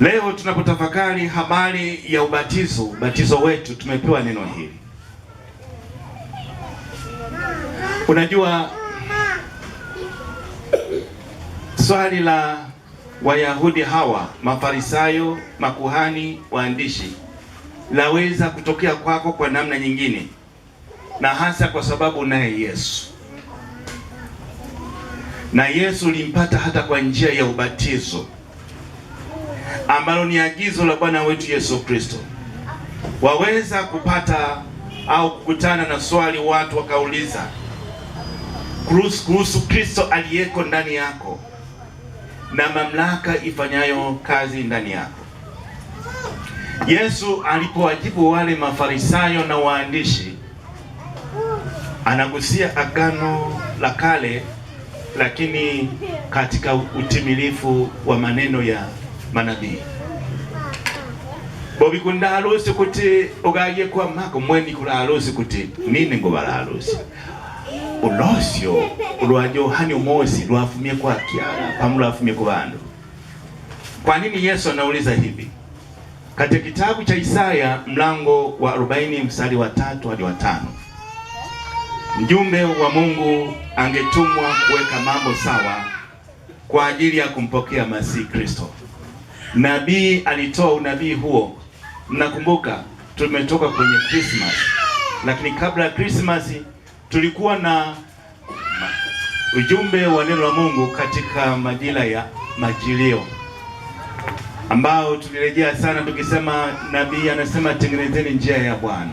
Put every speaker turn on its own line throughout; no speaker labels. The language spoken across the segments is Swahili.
Leo tunapotafakari habari ya ubatizo, ubatizo wetu, tumepewa neno hili. Unajua, swali la Wayahudi hawa Mafarisayo, makuhani, waandishi laweza kutokea kwako kwa namna nyingine, na hasa kwa sababu naye Yesu na Yesu limpata hata kwa njia ya ubatizo ambalo ni agizo la Bwana wetu Yesu Kristo. Waweza kupata au kukutana na swali, watu wakauliza kuhusu Kristo aliyeko ndani yako na mamlaka ifanyayo kazi ndani yako. Yesu alipowajibu wale Mafarisayo na waandishi, anagusia Agano la Kale, lakini katika utimilifu wa maneno ya manabii bobi kunda alusi kuti ugaye kwa mako mweni kula alusi kuti nini ngo bala ulosyo ulwa Yohani umosi lwafumie kwa kiara pamu lwafumie kwa bandu kwa nini Yesu anauliza hivi katika kitabu cha Isaya mlango wa 40 mstari wa tatu hadi wa tano mjumbe wa Mungu angetumwa kuweka mambo sawa kwa ajili ya kumpokea Masihi Kristo Nabii alitoa unabii huo. Mnakumbuka tumetoka kwenye Christmas, lakini kabla ya Christmas tulikuwa na ujumbe wa neno la Mungu katika majira ya Majilio, ambao tulirejea sana tukisema, nabii anasema tengenezeni njia ya Bwana,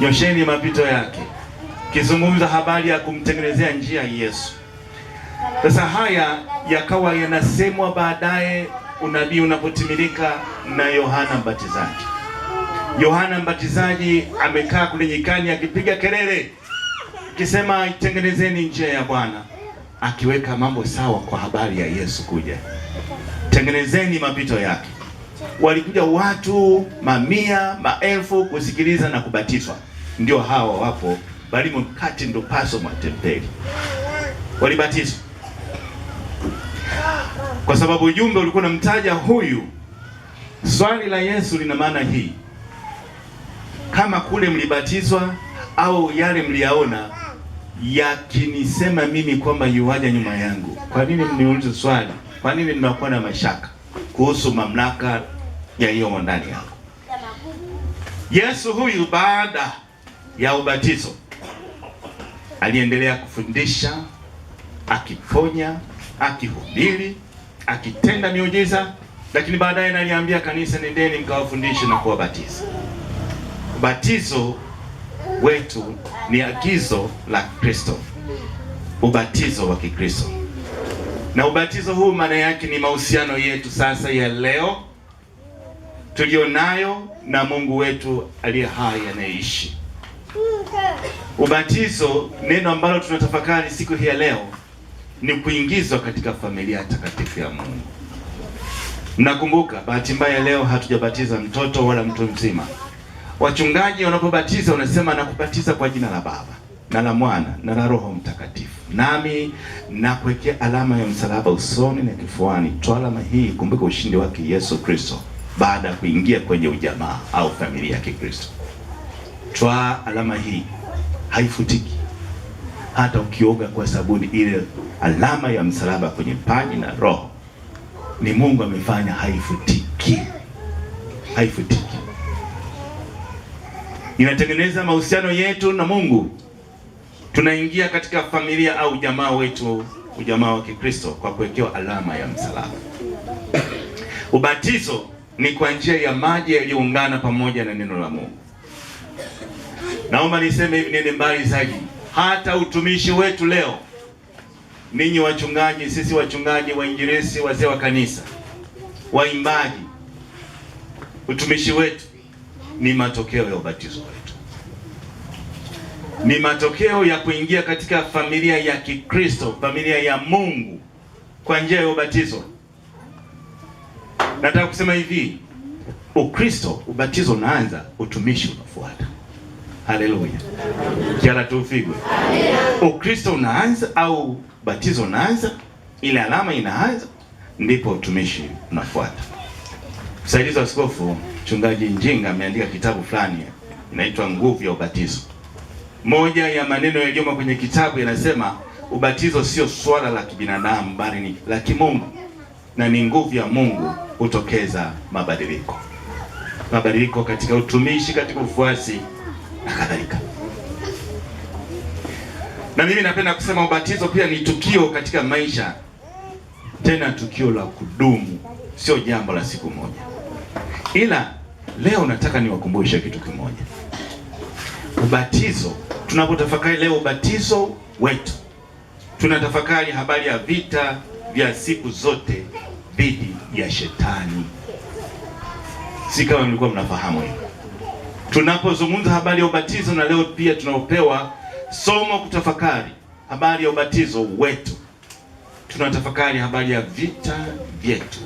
nyosheni mapito yake, kizungumza habari ya kumtengenezea njia Yesu. Sasa haya yakawa yanasemwa baadaye unabii unapotimilika na Yohana Mbatizaji. Yohana Mbatizaji amekaa kule nyikani akipiga kelele akisema, itengenezeni njia ya Bwana, akiweka mambo sawa kwa habari ya Yesu kuja, tengenezeni mapito yake. Walikuja watu mamia maelfu kusikiliza na kubatizwa. Ndio hawa wapo bali kati, ndo Paso matembeli walibatizwa kwa sababu ujumbe ulikuwa unamtaja huyu. Swali la Yesu lina maana hii, kama kule mlibatizwa au yale mliyaona yakinisema mimi kwamba yuwaja nyuma yangu, kwa nini mniulize swali? Kwa nini mnakuwa na mashaka kuhusu mamlaka yaliyomo ndani yako? Yesu huyu baada ya ubatizo aliendelea kufundisha, akifonya akihubiri akitenda miujiza, lakini baadaye naliambia kanisa, nendeni mkawafundishe na kuwabatiza. Ubatizo wetu ni agizo la Kristo, ubatizo wa Kikristo. Na ubatizo huu maana yake ni mahusiano yetu sasa ya leo tulionayo na Mungu wetu aliye hai anayeishi. Ubatizo, neno ambalo tunatafakari siku hii ya leo ni kuingizwa katika familia takatifu ya Mungu. Mnakumbuka, bahati mbaya leo hatujabatiza mtoto wala mtu mzima. Wachungaji wanapobatiza wanasema nakubatiza kwa jina la Baba na la Mwana na la Roho Mtakatifu, nami nakuwekea alama ya msalaba usoni na kifuani, twa alama hii kumbuka ushindi wake Yesu Kristo baada ya kuingia kwenye ujamaa au familia ya Kikristo. twa alama hii, haifutiki hata ukioga kwa sabuni, ile alama ya msalaba kwenye paji na roho ni Mungu amefanya, haifutiki, haifutiki. Inatengeneza mahusiano yetu na Mungu. Tunaingia katika familia au jamaa wetu, ujamaa wa Kikristo kwa kuwekewa alama ya msalaba. Ubatizo ni kwa njia ya maji yaliyoungana pamoja na neno la Mungu. Naomba niseme hivi, nini mbali zaidi hata utumishi wetu leo, ninyi wachungaji, sisi wachungaji, wainjilisi, wazee wa kanisa, waimbaji, utumishi wetu ni matokeo ya ubatizo wetu, ni matokeo ya kuingia katika familia ya Kikristo, familia ya Mungu kwa njia ya ubatizo. Nataka kusema hivi, Ukristo, ubatizo unaanza, utumishi unafuata. Haleluya, jala tupigwe. Ukristo unaanza au batizo unaanza, ile alama inaanza, ndipo utumishi unafuata. Msaidizi wa askofu Mchungaji Njinga ameandika kitabu fulani inaitwa Nguvu ya Ubatizo. Moja ya maneno yaliyoma kwenye kitabu yanasema, ubatizo sio swala la kibinadamu, bali ni la kimungu na ni nguvu ya Mungu hutokeza mabadiliko, mabadiliko katika utumishi, katika ufuasi na kadhalika. Na mimi napenda kusema ubatizo pia ni tukio katika maisha, tena tukio la kudumu, sio jambo la siku moja. Ila leo nataka niwakumbushe kitu kimoja, ubatizo tunapotafakari leo ubatizo wetu, tunatafakari habari ya vita vya siku zote dhidi ya Shetani. Si kama mlikuwa mnafahamu hiyo tunapozungumza habari ya ubatizo, na leo pia tunaopewa somo kutafakari habari ya ubatizo wetu, tunatafakari habari ya vita vyetu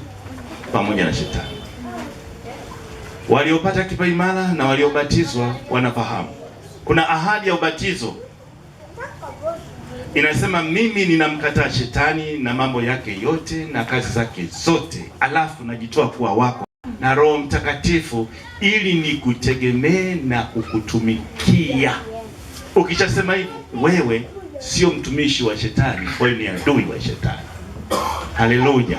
pamoja na Shetani. Waliopata kipaimara na waliobatizwa wanafahamu kuna ahadi ya ubatizo inasema, mimi ninamkataa Shetani na mambo yake yote na kazi zake zote, alafu najitoa kuwa wako na Roho Mtakatifu ili nikutegemee na kukutumikia. Ukishasema hivi, wewe sio mtumishi wa shetani, wewe ni adui wa shetani. Haleluya,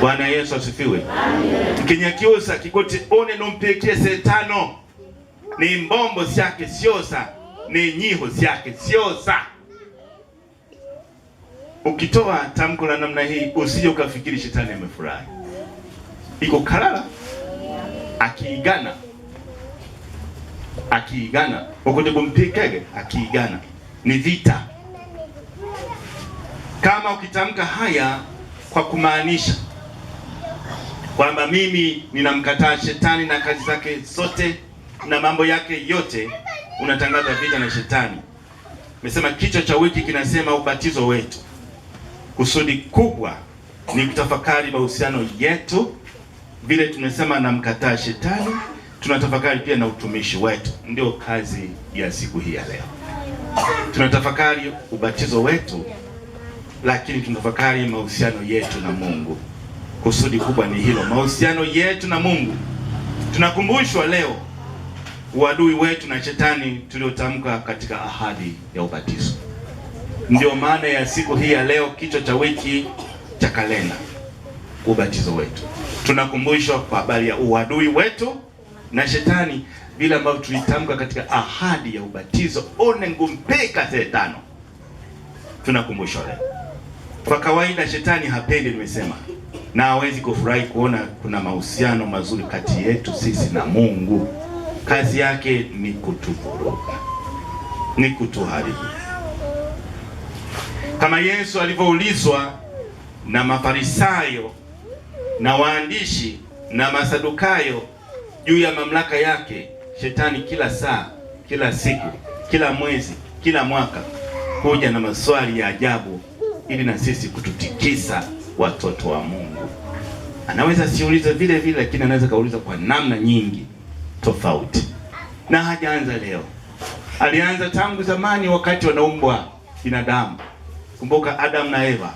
Bwana Yesu asifiwe. Mkinyakyusa kikoti une nompekie setano ni mbombo syake siosa ni nyiho syake siosa Ukitoa tamko la namna hii, usije ukafikiri shetani amefurahi iko Kalala akiigana akiigana okutegompikege akiigana ni vita. Kama ukitamka haya kwa kumaanisha kwamba mimi ninamkataa shetani na kazi zake zote na mambo yake yote, unatangaza vita na shetani. Nimesema kichwa cha wiki kinasema ubatizo wetu. Kusudi kubwa ni kutafakari mahusiano yetu vile tumesema namkataa shetani, tunatafakari pia na utumishi wetu, ndio kazi ya siku hii ya leo. Tunatafakari ubatizo wetu, lakini tunatafakari mahusiano yetu na Mungu. Kusudi kubwa ni hilo, mahusiano yetu na Mungu. Tunakumbushwa leo uadui wetu na shetani tuliotamka katika ahadi ya ubatizo. Ndio maana ya siku hii ya leo, kichwa cha wiki cha kalenda ubatizo wetu. Tunakumbushwa kwa habari ya uadui wetu na shetani, vile ambavyo tulitamka katika ahadi ya ubatizo one ngumpeka setano. Tunakumbushwa leo. Kwa kawaida shetani hapendi, nimesema na hawezi kufurahi kuona kuna mahusiano mazuri kati yetu sisi na Mungu. Kazi yake ni kutuvuruga, ni kutuharibu. Kama Yesu alivyoulizwa na Mafarisayo na waandishi na Masadukayo juu ya mamlaka yake shetani, kila saa, kila siku, kila mwezi, kila mwaka kuja na maswali ya ajabu ili na sisi kututikisa watoto wa Mungu. Anaweza siulize vile vile, lakini anaweza kauliza kwa namna nyingi tofauti, na hajaanza leo, alianza tangu zamani, wakati wanaumbwa binadamu. Kumbuka Adam na Eva,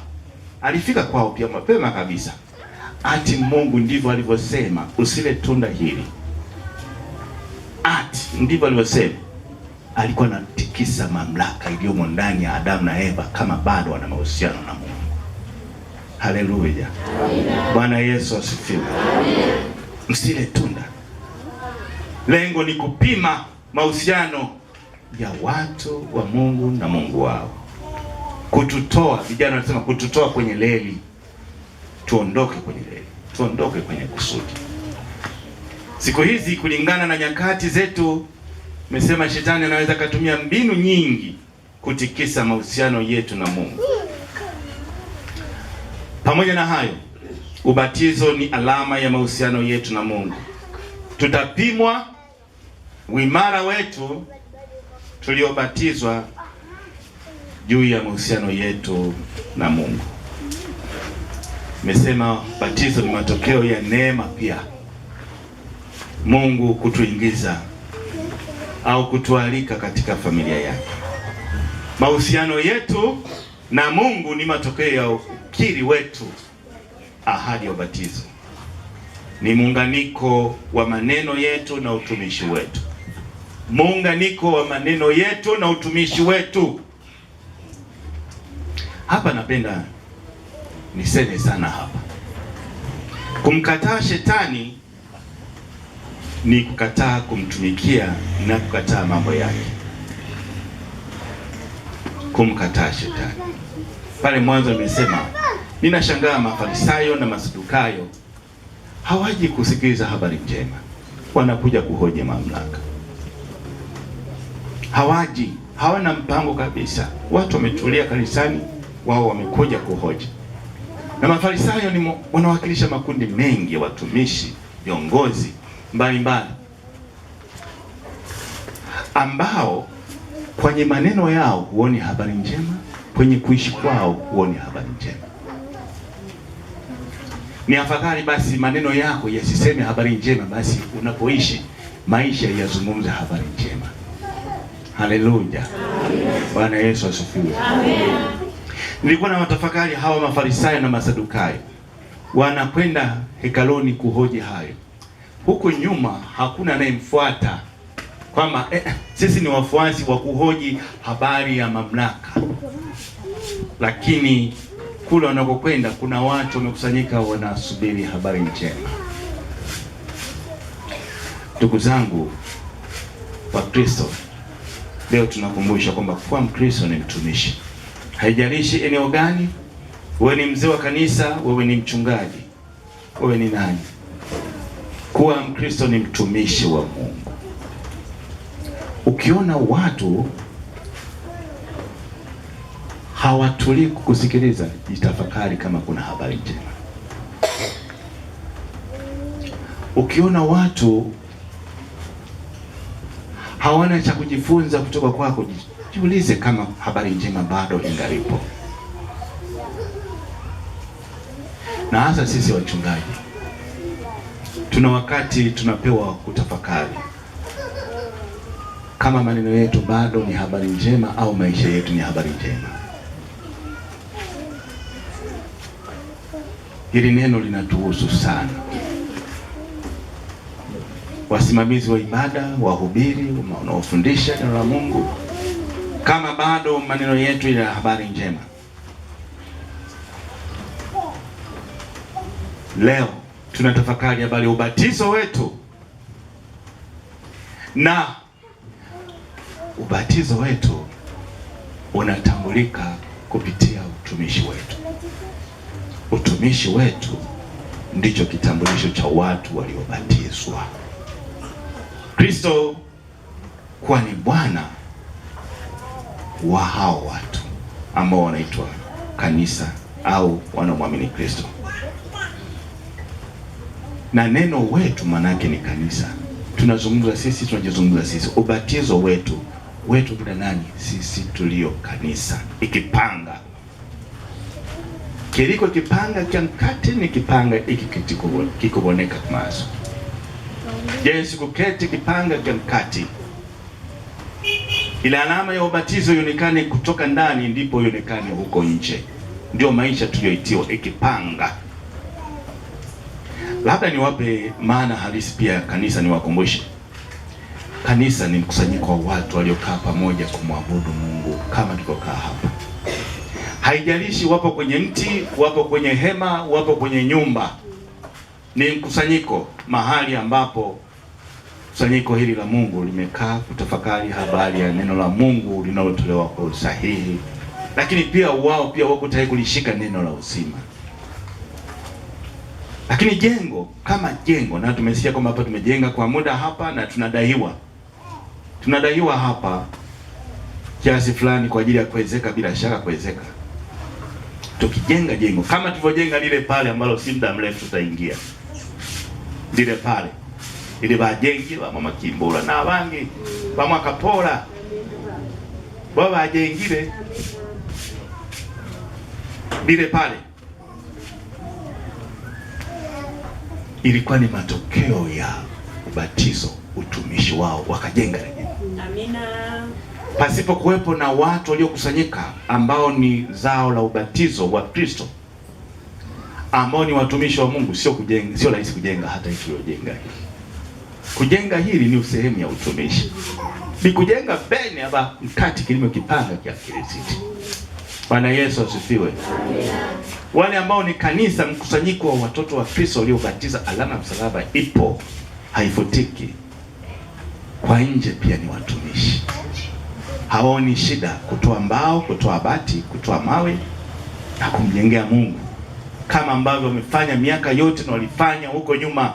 alifika kwao pia mapema kabisa. Ati Mungu ndivyo alivyosema, usile tunda hili, ati ndivyo alivyosema. Alikuwa anatikisa mamlaka iliyomo ndani ya Adamu na Eva, kama bado wana mahusiano na Mungu. Haleluya, Bwana Yesu asifiwe. Msile tunda, lengo ni kupima mahusiano ya watu wa Mungu na Mungu wao, kututoa. Vijana wanasema kututoa kwenye leli, tuondoke kwenye leli tuondoke kwenye kusudi. Siku hizi kulingana na nyakati zetu, mesema shetani anaweza akatumia mbinu nyingi kutikisa mahusiano yetu na Mungu. Pamoja na hayo, ubatizo ni alama ya mahusiano yetu na Mungu. Tutapimwa uimara wetu tuliobatizwa juu ya mahusiano yetu na Mungu. Mesema batizo ni matokeo ya neema pia, Mungu kutuingiza au kutualika katika familia yake. Mahusiano yetu na Mungu ni matokeo ya ukiri wetu. Ahadi ya ubatizo ni muunganiko wa maneno yetu na utumishi wetu, muunganiko wa maneno yetu na utumishi wetu. Hapa napenda niseme sana hapa, kumkataa shetani ni kukataa kumtumikia na kukataa mambo yake. Kumkataa shetani pale mwanzo nimesema, ninashangaa mafarisayo na masadukayo hawaji kusikiliza habari njema, wanakuja kuhoji mamlaka. Hawaji, hawana mpango kabisa. Watu wametulia kanisani, wao wamekuja kuhoji. Na Mafarisayo ni wanawakilisha makundi mengi ya watumishi, viongozi mbalimbali ambao kwenye maneno yao huoni habari njema, kwenye kuishi kwao huoni habari njema. Ni afadhali basi maneno yako yasiseme habari njema, basi unapoishi maisha yazungumze habari njema. Haleluya! Bwana Yesu asifiwe. Amen nilikuwa na watafakari hawa Mafarisayo na Masadukayo wanakwenda hekaloni kuhoji hayo. Huku nyuma hakuna anayemfuata kwamba eh, eh, sisi ni wafuasi wa kuhoji habari ya mamlaka, lakini kule wanakokwenda kuna watu wamekusanyika wanasubiri habari njema. Ndugu zangu wa Kristo, leo tunakumbusha kwamba kuwa Mkristo ni mtumishi haijalishi eneo gani, wewe ni mzee wa kanisa, wewe ni mchungaji, wewe ni nani, kuwa Mkristo ni mtumishi wa Mungu. Ukiona watu hawatulii kukusikiliza, jitafakari kama kuna habari njema. Ukiona watu hawana cha kujifunza kutoka kwako, Jiulize kama habari njema bado ingalipo. Na hasa sisi wachungaji tuna wakati tunapewa kutafakari kama maneno yetu bado ni habari njema au maisha yetu ni habari njema. Hili neno linatuhusu sana, wasimamizi wa ibada, wahubiri wanaofundisha neno la Mungu kama bado maneno yetu ya habari njema leo tunatafakari habari ya ubatizo wetu na ubatizo wetu unatambulika kupitia utumishi wetu. Utumishi wetu ndicho kitambulisho cha watu waliobatizwa. Kristo kuwa ni Bwana wa hao watu ambao wanaitwa kanisa au wanaomwamini Kristo. Na neno wetu manake ni kanisa. Tunazungumza sisi, tunajizungumza sisi. Ubatizo wetu wetu kuna nani? Sisi tulio kanisa, ikipanga kiliko kipanga cha mkate ni kipanga iki kikuboneka mazo. jensi kuketi kipanga cha mkate ile alama ya ubatizo ionekane kutoka ndani, ndipo ionekane huko nje. Ndio maisha tuliyoitiwa ikipanga. Labda niwape maana halisi pia kanisa, niwakumbushe kanisa ni mkusanyiko wa watu waliokaa pamoja kumwabudu Mungu kama tulivyokaa hapa. Haijalishi wapo kwenye mti, wapo kwenye hema, wapo kwenye nyumba, ni mkusanyiko, mahali ambapo Kusanyiko hili la Mungu limekaa kutafakari habari ya neno la Mungu linalotolewa kwa usahihi, lakini pia wao pia wako tayari kulishika neno la uzima. Lakini jengo kama jengo, na tumesikia kwamba hapa tumejenga kwa muda hapa na tunadaiwa, tunadaiwa hapa kiasi fulani kwa ajili ya kuwezeka, bila shaka kuwezeka. Tukijenga jengo kama tulivyojenga lile pale ambalo si muda mrefu tutaingia lile pale ili bajenge ba mama kimbola mwaka pola ba bajengile bile pale, ilikuwa ni matokeo ya ubatizo, utumishi wao, wakajenga Amina. Pasipo kuwepo na watu waliokusanyika ambao ni zao la ubatizo wa Kristo, ambao ni watumishi wa Mungu, sio kujenga, sio rahisi kujenga hata ikiyojenga Kujenga hili ni sehemu ya utumishi, ni kujenga bene hapa mkati kilimo kipanga kia Kireziti. Bwana Yesu asifiwe. Wale ambao ni kanisa, mkusanyiko wa watoto wa Kristo waliobatiza, alama msalaba ipo, haifutiki. Kwa nje pia ni watumishi, hawaoni shida kutoa mbao, kutoa bati, kutoa mawe na kumjengea Mungu kama ambavyo wamefanya miaka yote na walifanya huko nyuma.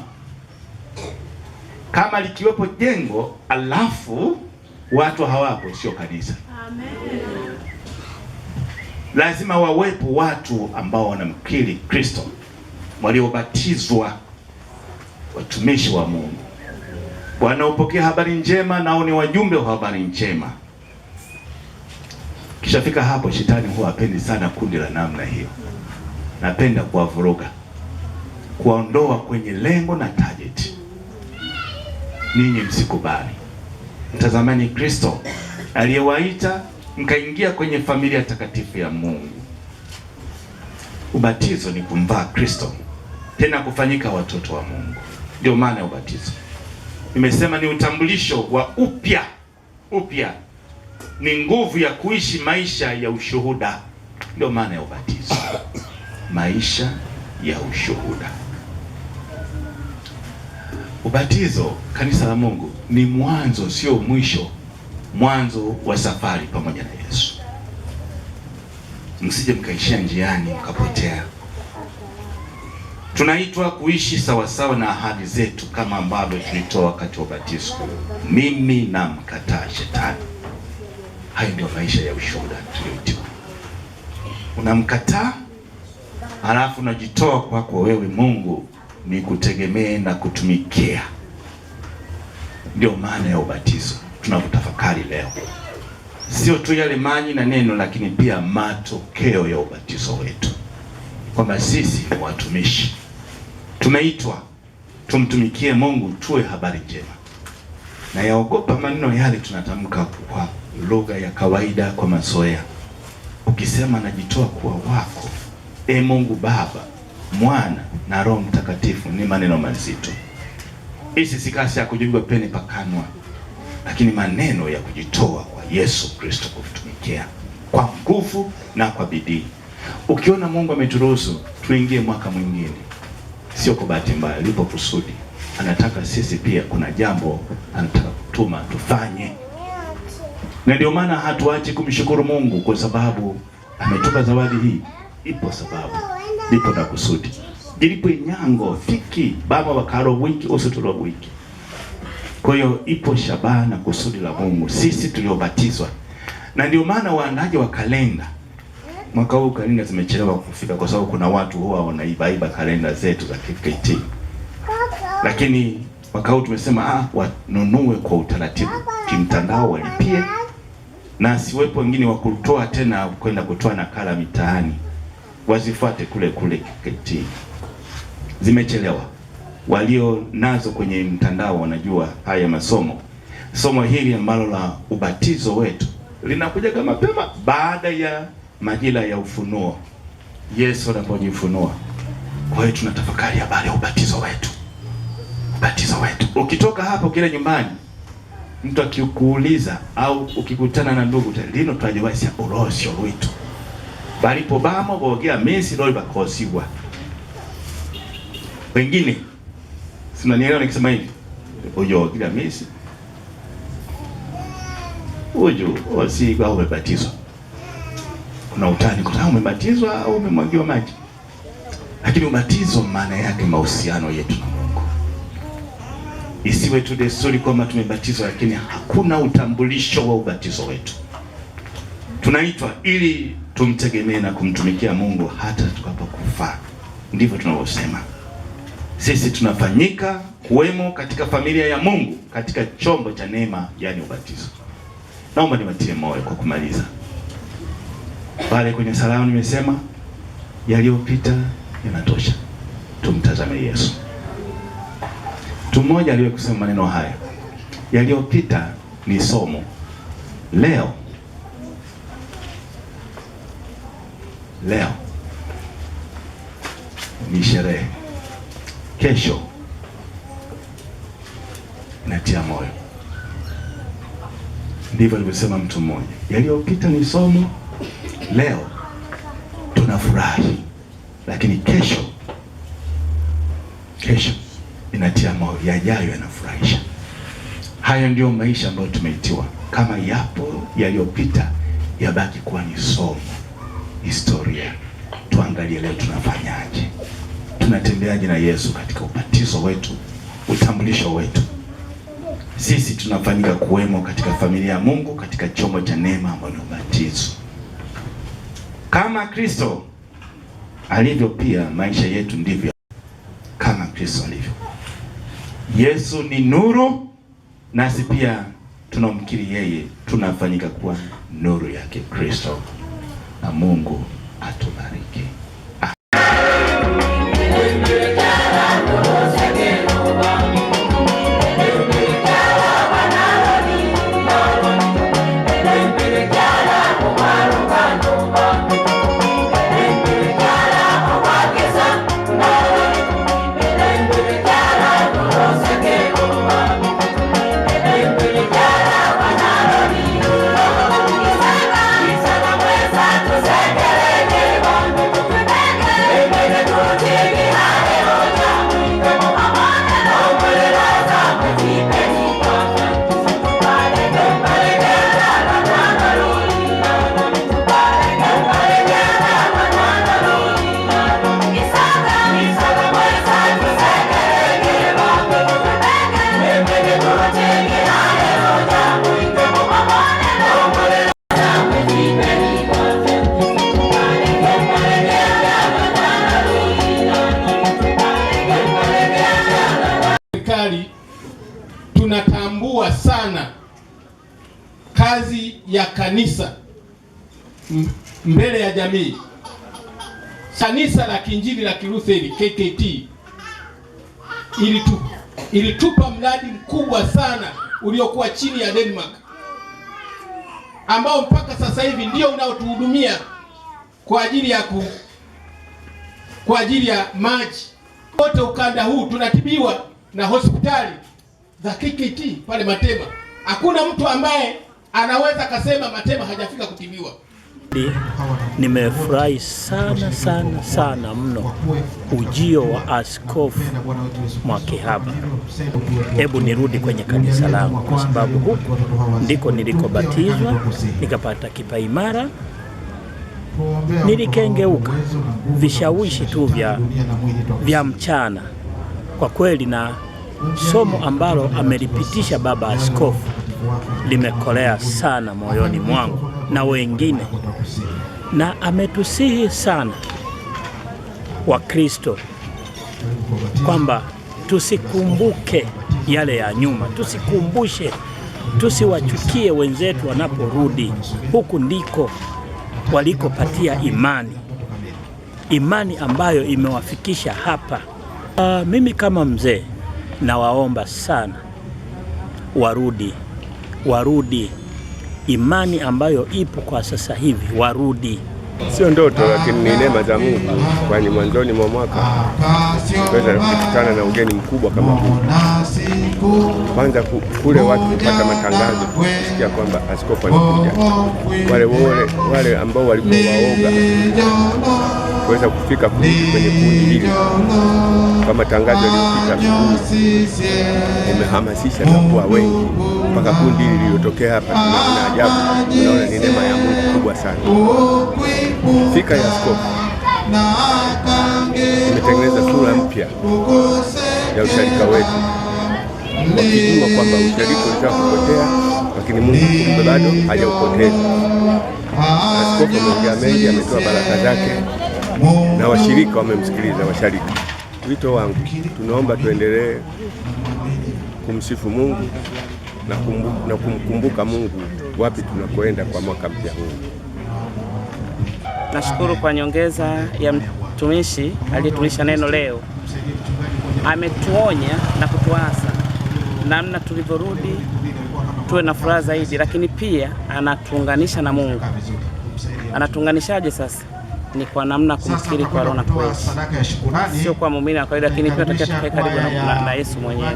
Kama likiwepo jengo alafu watu hawapo, sio kanisa. Amen. Lazima wawepo watu ambao wanamkiri Kristo, waliobatizwa, watumishi wa Mungu wanaopokea habari njema, nao ni wajumbe wa habari njema. Kishafika hapo, shetani huwa apendi sana kundi la namna hiyo, napenda kuwavuruga, kuwaondoa kwenye lengo na target ninyi msikubali. Mtazamani Kristo aliyewaita mkaingia kwenye familia takatifu ya Mungu. Ubatizo ni kumvaa Kristo, tena kufanyika watoto wa Mungu. Ndio maana ya ubatizo, nimesema ni utambulisho wa upya. Upya ni nguvu ya kuishi maisha ya ushuhuda. Ndio maana ya ubatizo, maisha ya ushuhuda. Ubatizo, kanisa la Mungu, ni mwanzo, sio mwisho, mwanzo wa safari pamoja na Yesu. Msije mkaishia njiani mkapotea. Tunaitwa kuishi sawasawa na ahadi zetu kama ambavyo tulitoa wakati wa ubatizo. Mimi namkataa shetani. Hayo ndio maisha ya ushuhuda tuliyoitiwa Unamkataa halafu unajitoa kwako wewe Mungu ni kutegemee na kutumikia. Ndio maana ya ubatizo tunavyotafakari leo, sio tu yale maji na neno, lakini pia matokeo ya ubatizo wetu, kwamba sisi ni watumishi, tumeitwa tumtumikie Mungu, tuwe habari njema. Na yaogopa maneno yale tunatamka kwa lugha ya kawaida, kwa mazoea. Ukisema najitoa kuwa wako, e Mungu Baba Mwana na Roho Mtakatifu ni maneno mazito. Hizi si kasi ya kujibwa peni pakanwa, lakini maneno ya kujitoa kwa Yesu Kristo kutumikia kwa nguvu na kwa bidii. Ukiona Mungu ameturuhusu tuingie mwaka mwingine, sio kwa bahati mbaya, lipo kusudi. Anataka sisi pia, kuna jambo anataka kutuma tufanye, na ndio maana hatuachi kumshukuru Mungu kwa sababu ametupa zawadi hii. Ipo sababu lipo na kusudi ilipo inyango fiki baba wakaro wiki usitulo wiki. Kwa hiyo ipo shabaha na kusudi la Mungu sisi tuliobatizwa, na ndio maana waandaji wa kalenda mwaka huu kalenda zimechelewa kufika, kwa sababu kuna watu huwa wanaibaiba kalenda zetu za KKKT, lakini mwaka huu tumesema ah, wanunue kwa utaratibu kimtandao, walipie na siwepo wengine wa kutoa tena kwenda kutoa nakala mitaani wazifuate kule kule Kiketi. Zimechelewa, walio nazo kwenye mtandao wanajua haya masomo. Somo hili ambalo la ubatizo wetu linakujaga mapema baada ya majira ya ufunuo, Yesu anapojifunua. Kwa hiyo tunatafakari habari ya ubatizo wetu, ubatizo wetu. Ukitoka hapo kile nyumbani, mtu akikuuliza au ukikutana na ndugu, lino twajawasya urosyo lwitu balipobama boogera Messi loli bakosibwa. Wengine simnanielewa nikisema hivi, ujo kila Messi ujo wasiga au umebatizwa, kuna utani kwa sababu umebatizwa au umemwagiwa maji, lakini ubatizo maana yake mahusiano yetu na Mungu. Isiwe tu desturi kwamba tumebatizwa, lakini hakuna utambulisho wa ubatizo wetu, tunaitwa ili tumtegemee na kumtumikia Mungu hata tukapokufa. Ndivyo tunavyosema sisi, tunafanyika kuwemo katika familia ya Mungu katika chombo cha neema, yani ubatizo. Naomba niwatie moyo kwa kumaliza. Pale kwenye salamu nimesema yaliyopita yanatosha, tumtazame Yesu. Mtu mmoja aliyekusema maneno haya, yaliyopita ni somo, leo Leo ni sherehe, kesho natia moyo. Ndivyo alivyosema mtu mmoja, yaliyopita ni somo, leo tunafurahi, lakini kesho, kesho inatia moyo, yajayo yanafurahisha. Hayo ndiyo maisha ambayo tumeitiwa. Kama yapo yaliyopita, yabaki kuwa ni somo historia. Tuangalie leo tunafanyaje, tunatembeaje na Yesu katika ubatizo wetu, utambulisho wetu. Sisi tunafanyika kuwemo katika familia ya Mungu, katika chombo cha neema ambayo ni ubatizo. Kama Kristo alivyo, pia maisha yetu ndivyo kama Kristo alivyo. Yesu ni nuru, nasi pia tunamkiri yeye, tunafanyika kuwa nuru yake Kristo na Mungu atubariki.
tunatambua sana kazi ya kanisa mbele ya jamii. Kanisa la Kiinjili la Kilutheri KKT ilitupa, ilitupa mradi mkubwa sana uliokuwa chini ya Denmark ambao mpaka sasa hivi ndio unaotuhudumia kwa ajili ya ku, kwa ajili ya maji wote. Ukanda huu tunatibiwa na hospitali za KKKT pale Matema. Hakuna mtu ambaye anaweza kasema Matema hajafika kutimiwa.
Nimefurahi sana sana sana mno ujio wa Askofu Mwakihaba. Hebu nirudi kwenye kanisa langu, kwa sababu huku ndiko nilikobatizwa nikapata kipaimara, nilikengeuka vishawishi tu vya vya mchana kwa kweli na somo ambalo amelipitisha baba askofu limekolea sana moyoni mwangu na wengine, na ametusihi sana Wakristo kwamba tusikumbuke yale ya nyuma, tusikumbushe, tusiwachukie wenzetu wanaporudi. Huku ndiko walikopatia imani, imani ambayo imewafikisha hapa. Uh, mimi kama mzee Nawaomba sana warudi, warudi imani ambayo ipo kwa sasa hivi, warudi.
Sio ndoto, lakini ni neema za Mungu, kwani mwanzoni mwa mwaka weza kukutana na ugeni mkubwa kama huu. Kwanza kule watu kupata matangazo, kusikia kwamba askofu anakuja, wale wale ambao walikuwa waoga kuweza kufika kwenye kundi hili. Kama tangazo lilipita, imehamasisha na kuwa wengi mpaka kundi hili lililotokea hapa, tunaona ajabu, tunaona ni neema ya Mungu kubwa sana. Fika ya askofu imetengeneza sura mpya ya usharika wetu, wakijua kwamba usharika ulitaka kupotea, lakini Mungu kumbe bado hajaupoteza. Askofu mengi, ametoa baraka zake na washirika wamemsikiliza washariki. Wito wangu, tunaomba tuendelee kumsifu Mungu na, kumbu, na kumkumbuka Mungu wapi tunakoenda kwa mwaka mpya huu.
Nashukuru kwa nyongeza ya mtumishi aliyetulisha neno leo. Ametuonya na kutuasa namna tulivyorudi tuwe na furaha zaidi, lakini pia anatuunganisha na Mungu. Anatuunganishaje sasa? ni kwa namna kumfikiri kwa roho na kweli, sio kwa muumini wa kawaida, lakini pia tunatakiwa tukae karibu na, na Yesu mwenyewe.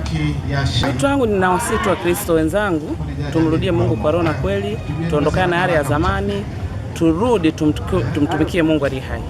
Wito wangu ninawasihi tu Wakristo wenzangu, tumrudie Mungu kwa roho na kweli, tuondokane na yale ya zamani, turudi tumtumikie Mungu aliye hai.